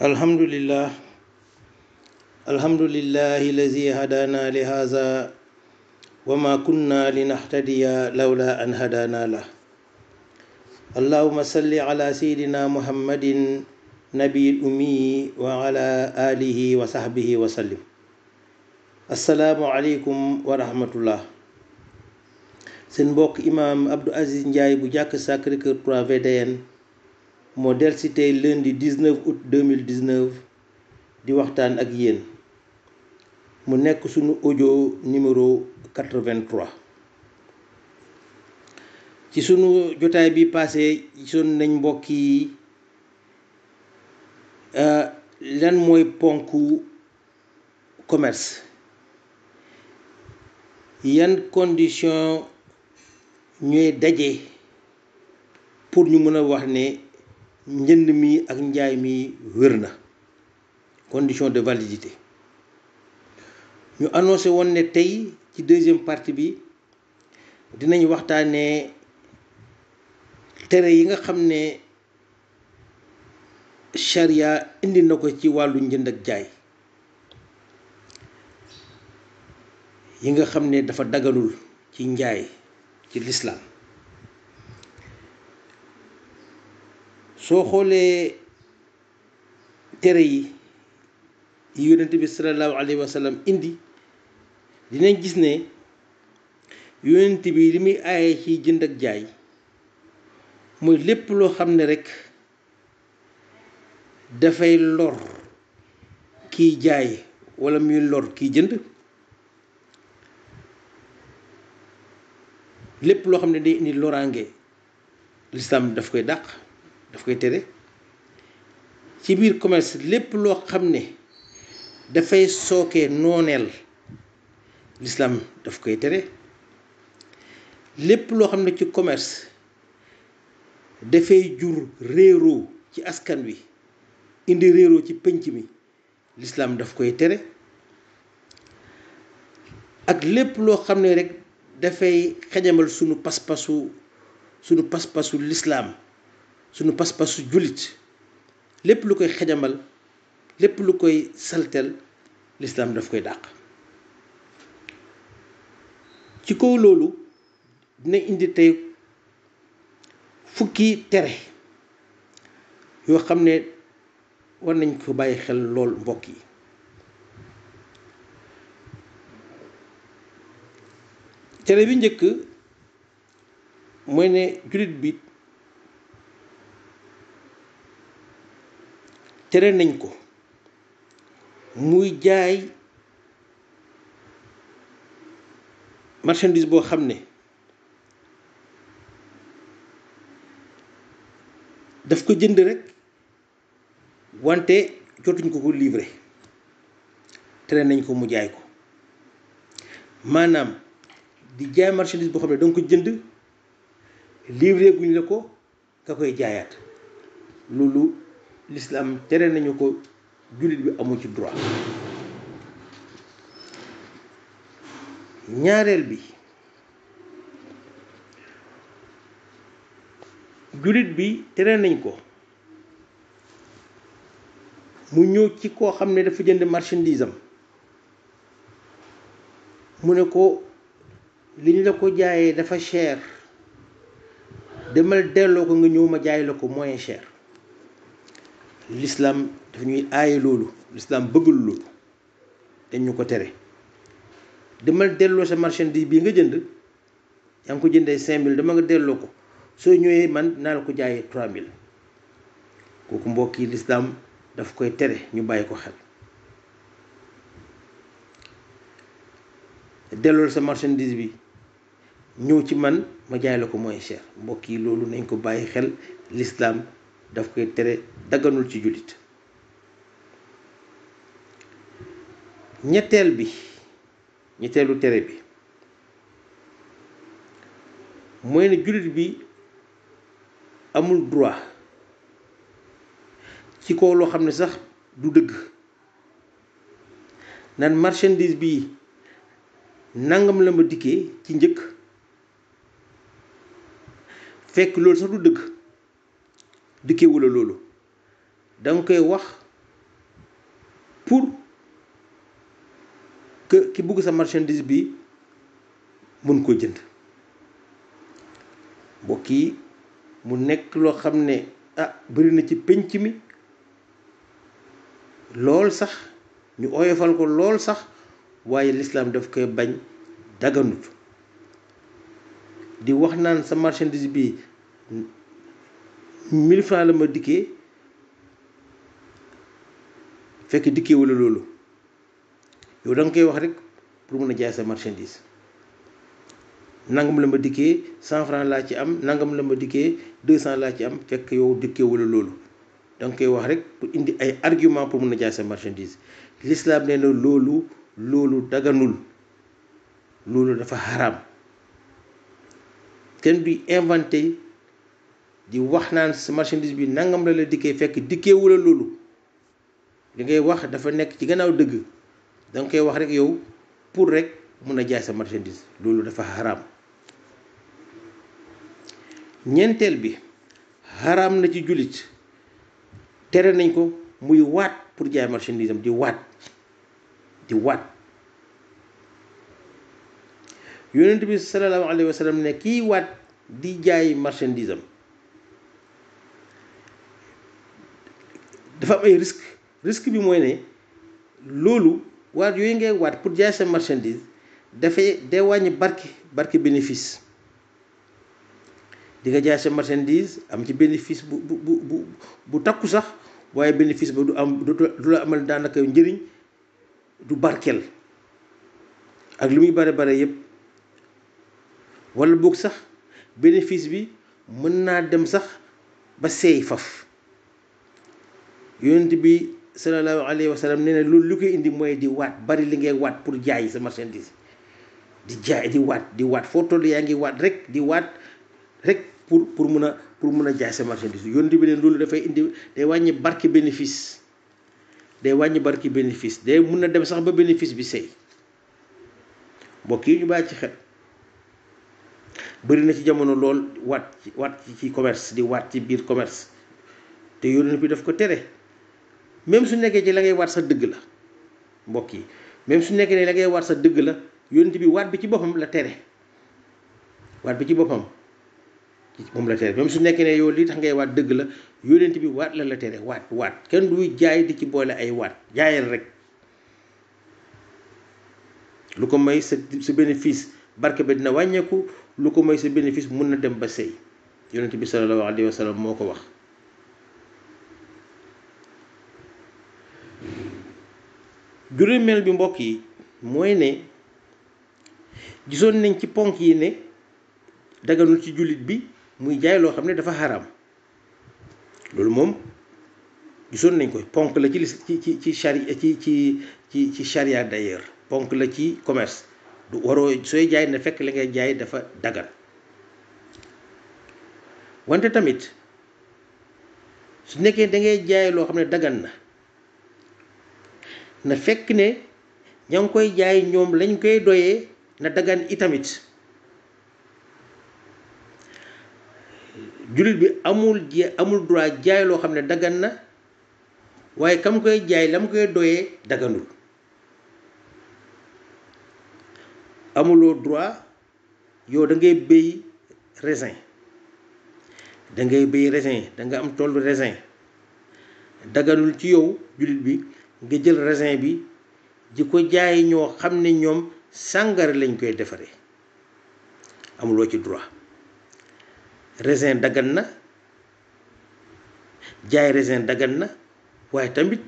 الحمد لله الحمد لله الذي هدانا لهذا وما كنا لنهتدي لولا أن هدانا له اللهم صل على سيدنا محمد نبي الأمي وعلى آله وصحبه وسلم السلام عليكم ورحمة الله سنبوك إمام عبد العزيز Aziz Ndiaye bu jàkk 3 Modèle cité lundi 19 août 2019 di waxtaan ak yéen mu numéro 83 ci sunu jotaay bi passé gisoon nañ mbokk euh, commerce yan condition ñooy daje pour ñu mën njënd mi ak njaay mi wér na condition de validité ñu annoncé woon ne tey ci deuxième partie bi dinañu waxtaanee tere yi nga xam ne charia indi na ko ci wàllu njënd ak jaay yi nga xam ne dafa daganul ci njaay ci lislaam soo xoolee tere yi yonent bi sallallahu alayhi wa indi dinañ gis ne yonent bi li muy aaye ci jënd ak jaay mooy lépp loo xam ne rekk dafay lor kiy jaay walla muy lor kiy jënd lépp loo xam ne day indi loraange lislaam daf koy dàq daf koy tere ci biir commerce lépp loo xam ne dafay sooke nooneel l'islam daf koy tere lépp loo xam ne ci commerce dafay jur réeroo ci askan wi indi réeroo ci pénc mi l'islam daf koy tere ak lépp loo xam ne rek dafay xajamal sunu pas-pasu sunu pas-pasu lislaam sunu pas-pasu jullit lépp lu koy xajamal lépp lu koy saltel lislaam daf koy dàq ci kaw loolu dina indi tey fukki tere yoo xam ne war nañ ko bàyyi xel lool mbokk yi tere bi njëkk mooy ne jullit bi tere nañ ko muy jaay marchandise boo xam ne daf ko jënd rek wante jotuñ ko ko livré tere nañ ko mu jaay ko maanaam di jaay marchandise boo xam ne danga ko jënd livré guñ la ko nga koy jaayaat loolu l'islam tere nañu ko jullit bi amu ci droit ñaareel bi jullit bi tere nañ ko mu ñëw ci koo xam ne dafa jënd marchandise mu ne ko li ñu la ko jaayee dafa cher demal delloo ko nga ñëw ma jaay la ko moyen cher l'islam dafa ñuy aaye loolu l'islam bëggul lu dañ ñu ko tere demal delloo sa marchandise bii nga jënd yaa ngi ko jëndee 5000 dama nga delloo ko soo ñëwee man naa la ko jaayee 3000 kooku mbokk yi l'islam daf koy tere ñu bàyyi ko xel. delloo sa marchandise bi ñëw ci man ma jaay la ko mooy cher mbokk yi loolu nañ ko bàyyi xel l'islam daf koy tere dagganul ci jullit ñetteel bi ñetteelu tere bi mooy ne jullit bi amul droit ci kaw loo xam ne sax du dëgg naan marchandise bi nangam la ma dikkee ci njëkk fekk loolu sax du dëgg qui dang koy wax pour que ki sa marchandise bi mën ko jënd mu nekk lo ah bëri na ci penc mi lol sax ñu oyofal ko lol sax waye l'islam daf bañ di wax naan sa marchandise bi mille francs la ma dikkee fekk dikkee la loolu yow da nga koy wax rek pour mën a jaay sa marchandise nangam la ma dikkee cent francs laa ci am nangam la ma dikkee deux cent laa ci am fekk yow dikkee wala loolu da koy wax rek pour indi ay argument pour mun a jaay sa marchandise l'islam nee na loolu loolu daganul loolu dafa xaraam kenn duy inventé di wax naan sa marchandise bi nangam la la dikkee fekk dikkeewu la loolu li ngay wax dafa nekk ci gannaaw dëgg da nga koy wax rek yow pour rek mun jaay sa marchandise loolu dafa haram ñeenteel bi xaraam na ci jullit tere nañ ko muy waat pour jaay marchandise di wat di waat yonent bi sallallahu ne di jaay marchandise dafa am ay risque risque bi mooy ne loolu waat yooyu ngay waat pour jaay sa marchandise dafay day wàññi barki barke bénéfice di nga jaay sa marchandise am ci bénéfice bu bu bu bu takku sax waaye bénéfice ba du am du la amal daanaka njëriñ du barkeel ak lu muy bare bare yépp walla boog sax bénéfice bi mën naa dem sax ba seey faf yonent bi sallallahu alayhi wa sallam nee na loolu li koy indi mooy di waat bari li ngay waat pour jaay sa marchandise di jaay di waat di waat foo toll yaa ngi waat rek di waat rek pour pour mun a pour mun a jaay sa marchandise yonent bi neen loolu dafay indi day wàññi barke bénéfice day wàññi barke bénéfice day mun na dem sax ba bénéfice bi sey mbokk yi ñu bàyyi ci xel bëri na ci jamono lool waat ci waat ci commerce di waat ci biir commerce te yonent bi daf ko tere. même su nekkee ci la ngay waat sa dëgg la mbokk yi même su nekkee ne ngay waat sa dëgg la yonent bi waat bi ci boppam la tere waat bi ci boppam moom la tere même su nekkee ne yow li tax ngay waat dëgg la yonent bi waat la la tere waat waat kenn duy jaay di ci boole ay waat jaayal rek lu ko may sa sa bénéfice barke ba dina wàññeeku lu ko may sa bénéfice mun na dem ba sëy yonent bi sallallahu alayhi wa sallam moo ko wax juróomeel bi mbokk yi mooy ne gisoon nañ ci ponk yi ne daganul ci jullit bi muy jaay loo xam ne dafa haram loolu moom gisoon nañ ko ponk la ci li ci ci chari ci ci ci ci charia d'ailleurs ponk la ci commerce du waroo sooy jaay na fekk li ngay jaay dafa dagan wante tamit su nekkee da ngay jaay loo xam ne dagan na na fekk ne ña ngi koy jaay ñoom lañ koy doyee na dagan itamit jullit bi amul je amul droit jaay loo xam ne daggan na waaye kam koy jaay lam koy doyee daganul amuloo droit yow dangay ngay béy raisin da ngay béy raisin danga am tollu raisin daganul ci yow jullit bi nga jël raisin bi di ko jaay ñoo xam ne ñoom sàngara lañ koy defaree amuloo ci droit raisin daggan na jaay raisin daggan na waaye tamit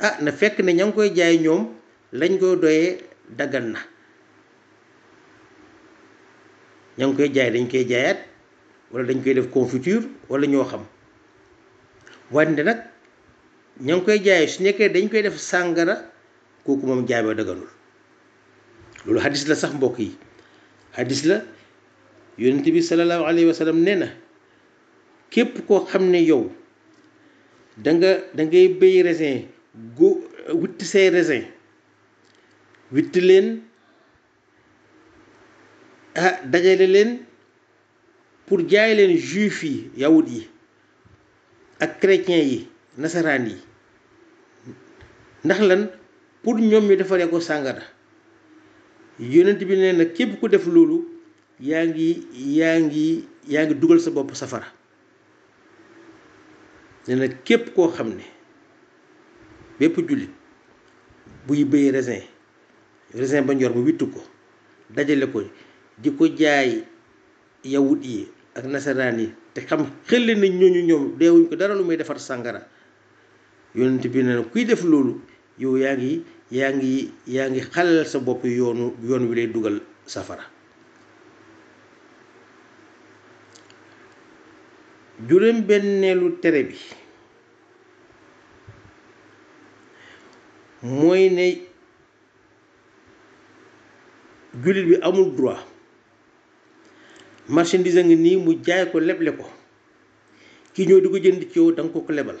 ah na fekk ne ña ngi koy jaay ñoom lañ koy doyee daggan na ña ngi koy jaay dañ koy jaayaat wala dañ koy def confiture wala ñoo xam wante nag ña ngi koy jaay su nekkee dañ koy def sàngara kooku moom jaay ba daganul loolu hadis la sax mbokk yi hadis la yonent bi sallallahu alayhi wa sallam nee na képp koo xam ne yow danga dangay da ngay béy raisin gu witti say raisin witti leen ah dajale leen pour jaay leen juif yi yawut yi ak chrétien yi nasaraan yi ndax lan pour ñoom ñu defaree ko sàngara yonent bi nee na képp ku def loolu yaa ngi yaa ngi sa bopp safara nee na képp koo xam ne bépp jullit buy béy raisin raisin ba njor mu wittu ko dajale ko di ko jaay yawut yi ak nasaraan te xam xëll na ñooñu ñoom deewuñ ko dara lu may defar sàngara yonent bi nee kuy def yow yaa ngi yaa ngi yaa ngi xalal sa bopp yoonu yoon wi lay dugal safara juróom benneelu tere bi mooy ne jullit bi amul droit marchandise a ngi nii mu jaay ko leble ko kii ñoo di ko jënd ci yow da ko ko lebal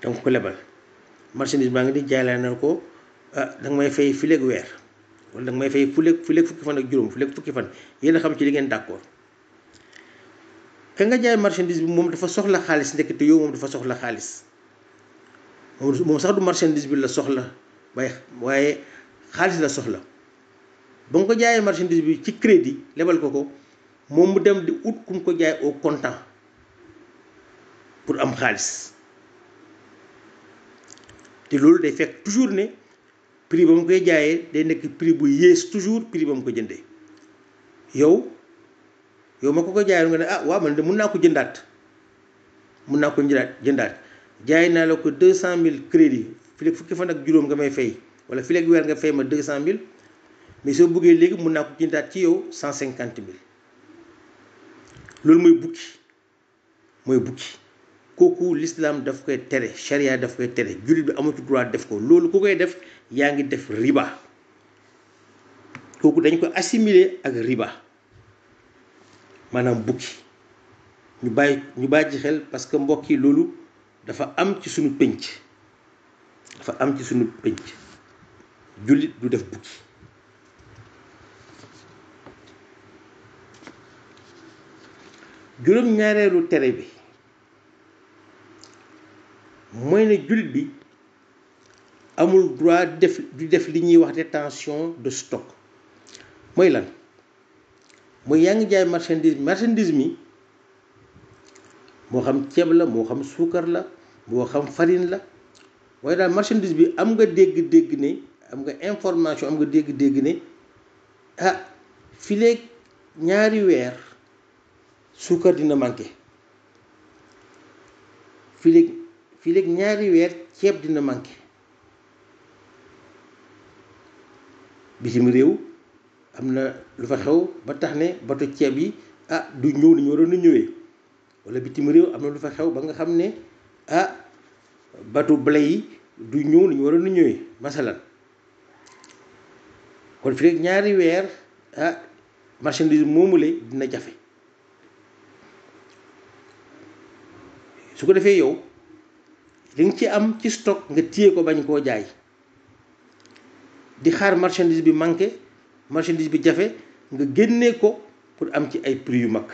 da ko lebal marchandise maa ngi di jaay laa ne ko ah da nga may fay fileeg weer wala da may fay fileeg fileeg fukki fan ak juróom fileeg fukki fan yéen a xam ci li ngeen d'accord ka nga jaay marchandise bi moom dafa soxla xaalis ndekk te yow moom dafa soxla xaalis moom sax du marchandise bi la soxla waaye waaye xaalis la soxla ba nga ko jaayee marchandise bi ci crédit lebal ko ko moom mu dem di ut kum ko jaay au comptant pour am xaalis te loolu day fekk toujours ne prix ba mu koy jaayee day nekk prix bu yées toujours prix ba mu ko jëndee yow yow ma ko ko jaayee nga ne ah waaw man de mun naa ko jëndaat mun naa ko jëndaat jëndaat jaay naa la ko deux cent mille crédit fii fukki fan ak juróom nga may fay wala fii léegi nga fay ma deux cent mille mais soo bëggee léegi mun naa ko jëndaat ci yow cent cinquante mille loolu mooy bukki mooy bukki. kooku l'islam daf koy tere sharia daf koy tere julit bi amatu droit def ko loolu ku koy def yaa ngi def riba kooku dañ ko assimiler ak riba maanaam bukki ñu bàyyi ñu bàyyi ci xel parce que mbokk yi loolu dafa am ci suñu pénc dafa am ci suñu pénc julit du def bukki juróom ñaareelu tere bi mooy ne bi amul droit def du def li détention de stock mooy lan mooy yaa ngi marchandise marchandise mi moo xam ceeb la moo xam la xam farine la waaye daal marchandise bi am nga dégg-dégg ne am nga information am nga dégg-dégg ne ah ñaari dina fii léegi ñaari weer ceeb dina manqué bitim réew am na lu fa xew ba tax ne bato ceeb yi ah, du ñëw ni ñu waroon a ñëwee walla bitim réew am na lu fa xew ba nga xam ne ah bato blé yi du ñëw ni ñu waroon a ñëwee masalan kon fii ñaari weer ah marchandise dina jafe su ko defee yow li nga ci am ci stock nga téye ko bañ koo jaay di xaar marchandise bi manqué marchandise bi jafe nga génnee ko pour am ci ay prix yu mag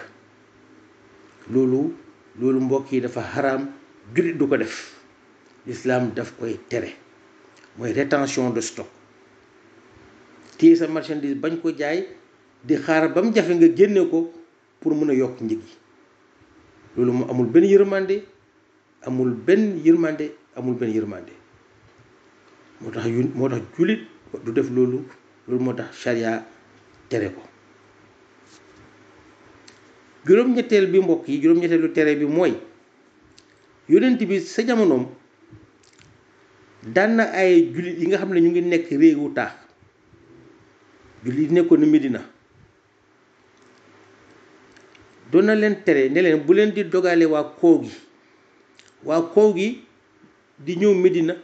loolu loolu mbokk yi dafa xaraam jullit du ko def l'islam daf koy tere mooy rétention de stock téye sa marchandise bañ ko jaay di xaar ba mu jafe nga génne ko pour mën a yokk njëg yi loolu mu amul benn yërmande amul benn yërmande amul benn yërmande moo tax yu moo tax jullit du def loolu loolu moo tax charia tere ko juróom-ñetteel bi mbokk yi juróom-ñetteelu tere bi mooy yonent bi sa jamonoom daan na ay jullit yi nga xam ne ñu ngi nekk réewu taax jullit yi nekkoon na Medina doon na leen tere ne bu leen di dogale koo gi waa kaw gi di ñëw Medina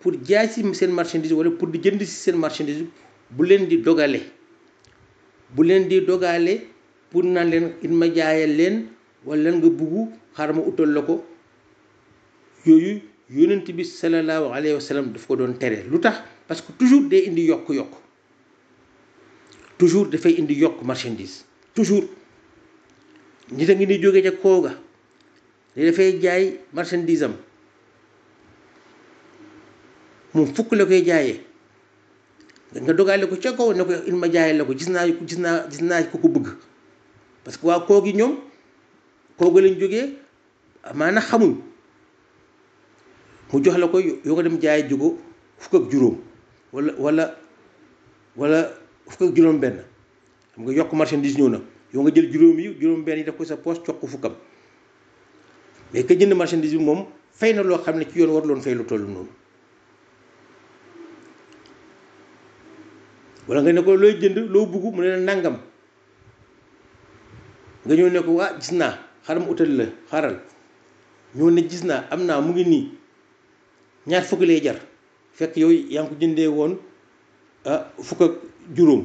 pour jaay si seen marchandise wala pour di jënd si seen marchandise bu leen di dogale bu leen di dogale pour naan leen it ma jaayal leen wala leen nga bugg xaaral ma utal la ko yooyu yonent bi sallallahu alayhi wa daf ko doon tere lu parce que toujours day indi yokk-yokk toujours dafay indi yokk marchandise toujours ñi da ngi ni jógee ca kaw li dafay jaay marchandise am moom fukk la koy jaaye nga dogaale ko ca ne ko il ma jaayee la ko gis naa gis naa gis naa ko ko bëgg parce que waa koogi ñoom kooga lañ jóge maanaam xamuñ mu jox la ko yoo ko dem jaay jugo fukk ak juróom wala wala wala fukk ak juróom benn xam nga yokk marchandise ñëw na yoo nga jël juróom yi juróom benn yi daf ko sa poche jox ko fukkam mais que jënd marchandise bi moom fay na loo xam ne ci yoon war loon fay lu toll noonu wala nga ne ko looy jënd loo bugg mu ne la nangam nga ñëw ne ko waa ah, gis naa xaram utal la xaaral ñëw ne gis naa am naa mu ngi nii ñaar fukk lay jar fekk yow yaa ngi ko jëndee woon ah fukk ak juróom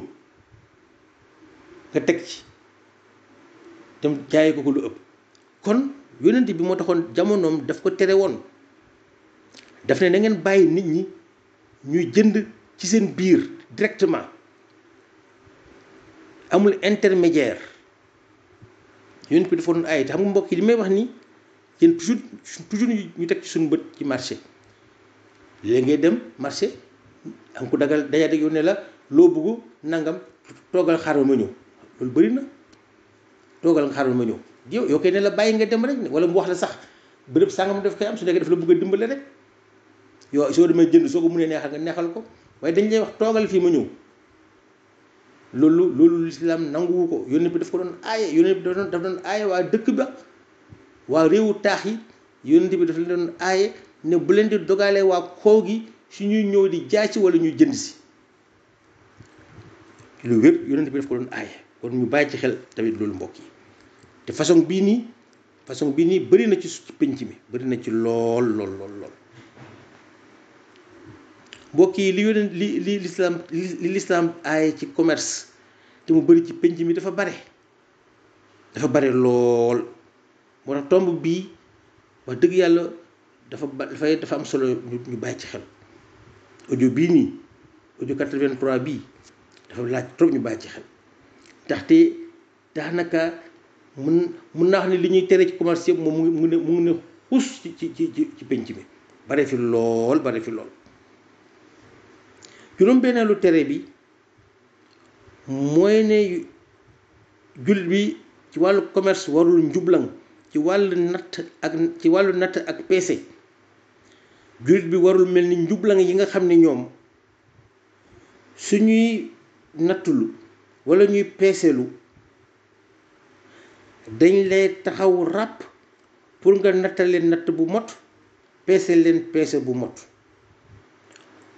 nga teg ci dem jaayee ko ko lu ëpp kon. yonent bi moo taxoon jamonoom daf ko tere woon daf ne na ngeen bàyyi nit ñi ñuy jënd ci seen biir directement amul intermédiaire yonent bi dafa doon aay te xam nga mbokk yi li may wax ni yéen toujours toujours ñu teg ci suñu bët ci marché léegi ngay dem marché am ko dagal dajalee yow ne la loo bëgg nangam toogal xaaral ma ñëw loolu bëri na toogal xaaral ma ñëw. yow yow kay ne la bàyyi nga dem rek wala mu wax la sax bërëb sàngam daf koy am su nekkee daf la bëgg a dimbale rek yow soo demee jënd soo ko mënee nga neexal ko waaye dañ lay wax toogal fii ma ñëw loolu ko yónne bi daf ko doon aaye yónne bi daf waa dëkk ba waa taax yi yónne bi daf leen doon aaye bu leen di dogalee waa kaw gi su ñuy ñëw di jaay si wala ñuy jënd si lu wér yónne bi daf ko doon aaye kon ñu bàyyi ci xel tamit loolu mbokk yi te façon bii nii façon bii nii bëri na ci penc mi bëri na ci lool lool lool lool mbokk yi li yoneen li li lislaam li l'islam aaye ci commerce te mu bëri ci penc mi dafa bare dafa bare lool moo tax tomb bii wax dëgg yàlla dafa ba dafay dafa am solo ñu bàyyi ci xel audio bii nii audio 83 bii dafa laaj trop ñu bàyyi ci xel ndaxte daanaka mun mun naa xam li ñuy tere ci commerce yëpp moom mu ngi mu ne xus ci ci ci ci mi bare fi lool bare fi lool juróom-benneelu tere bi mooy ne jullit bi ci wàllu commerce warul njublan ci wàllu natt ak ci wàllu natt ak peese jullit bi warul mel ni njublan yi nga xam ne ñoom su suñuy nattulu walla ñuy peeselu dañ lay taxaw rap, pour nga nattal leen bu mot pesel len pesel bu mot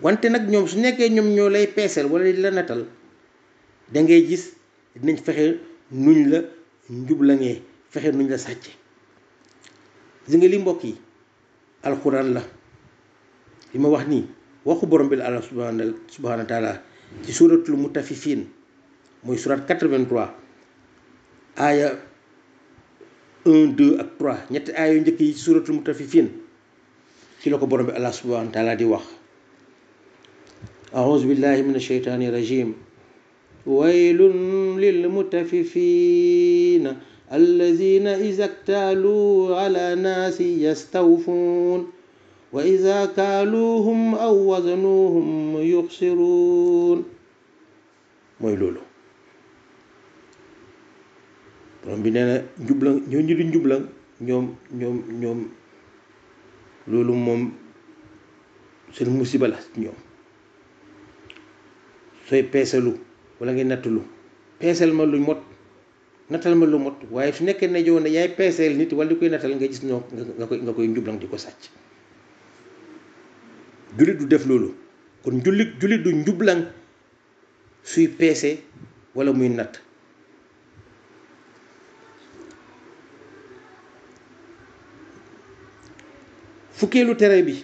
wante nag ñoom su nekkee ñoom ñoo pesel peeseel wala di la nattal da ngay gis dinañ fexe nuñ la njublangee fexe nuñ la sàcce gis nga li mbokk yi alxuraan la li ma wax nii waxu borom bi la àlla taala ci suratul surat 83 aaya un deux ak trois ñetti aay yu njëkk yi suratul mutaffifin ci la borom bi allah subhanahu wa taala di wax أعوذ بالله من الشيطان الرجيم للمتففين الذين إذا اكتالوا على ناس يستوفون وإذا كالوهم أو وزنوهم يخسرون مولولو borom bi nee na njublang ñooñu di njublang ñoom ñoom ñoom loolu moom seen musiba la ñoom sooy peesalu wala ngay nattalu peesal ma lu mot nattal ma lu mot waaye su nekkee ne yow ne yaay peeseel nit wala di koy nattal nga gis ñoo nga koy nga koy njublang di ko sàcc jullit du def loolu kon jullit jullit du njublang suy peese walla muy natt fukkeelu terrain bi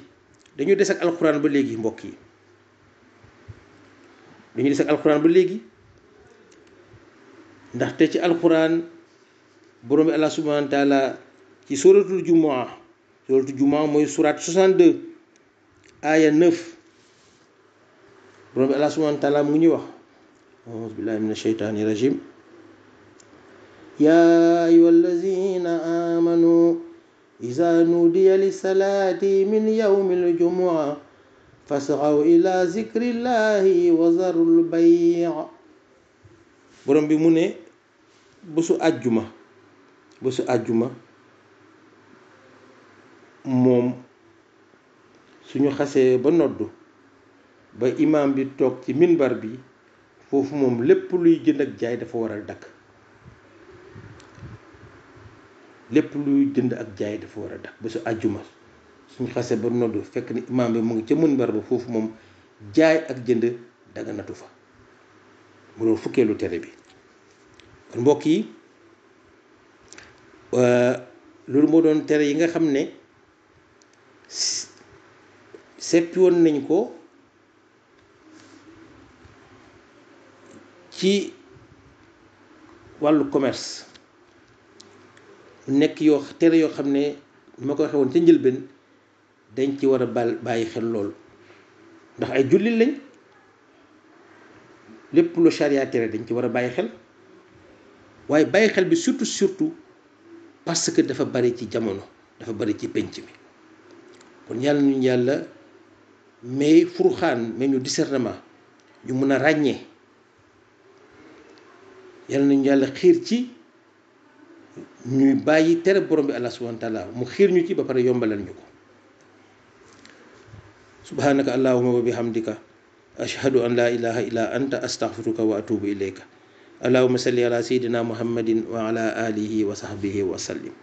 dañu des ak alxuraan ba léegi mbokk yi dañu des ak alxuraan ba léegi ndaxte ci alxuraan borom bi allah subhanahu ci suratul jumaa suratul jumaa mooy surat 62 aaya 9 borom bi allah subhanahu mu ñuy wax auzu billahi min asheytaani rajim yaa ayuha allazina amanu إذا نودي للصلاة من يوم الجمعة فاسعوا إلى ذكر الله وذروا البيع borom bi mu ne bésu àjjuma bésu àjjuma Mom, suñu xasee ba noddu ba imam bi toog ci minbar bi foofu moom lépp luy jënd ak jaay dafa war a lépp luy jënd ak jaay dafa war a dakk ba su àjjuma suñ xase ba noddu fekk ni imaam bi mu ngi ca mën bar ba foofu moom jaay ak jënd daga natu fa mu doon fukkeelu tere bi kon mbokk yi euh, loolu mo doon tere yi nga xam ne seppi woon nañ ko ci wàllu commerce nekk yoo teel yoo xam ne ma ko waxee woon ca njëlbeen dañ ci war a bal bàyyi xel loolu ndax ay jullit lañ lépp lu charia tere dañ ci war a bàyyi xel waaye bàyyi xel bi surtout surtout parce que dafa bari ci jamono dafa bari ci penc bi kon yàlla ñu yàlla mais furuxaan mais ñu discernement ñu mun a ràññee yàlla nañu yàlla xiir ci ñuy bàyyi tere borom bi allah subhanahu wa taala mu xiir ñu ci ba pare yombalal ñu ko subhanaka allahuma wa bihamdika ashhadu an la ilaha illa anta astaghfiruka wa atubu ilayka allahuma salli ala sayidina muhammadin wa ala alihi wa sahbihi wa sallim